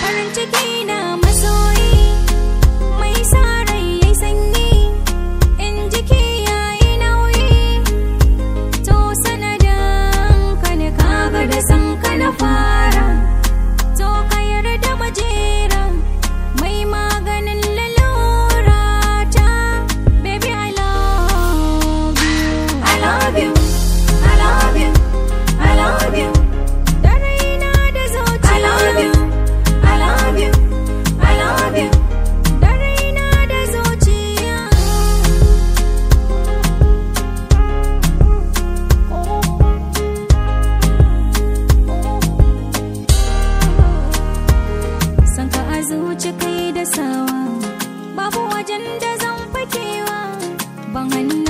Parentigina zuci kai da sawa babu wajen da zan fakewa ban hannu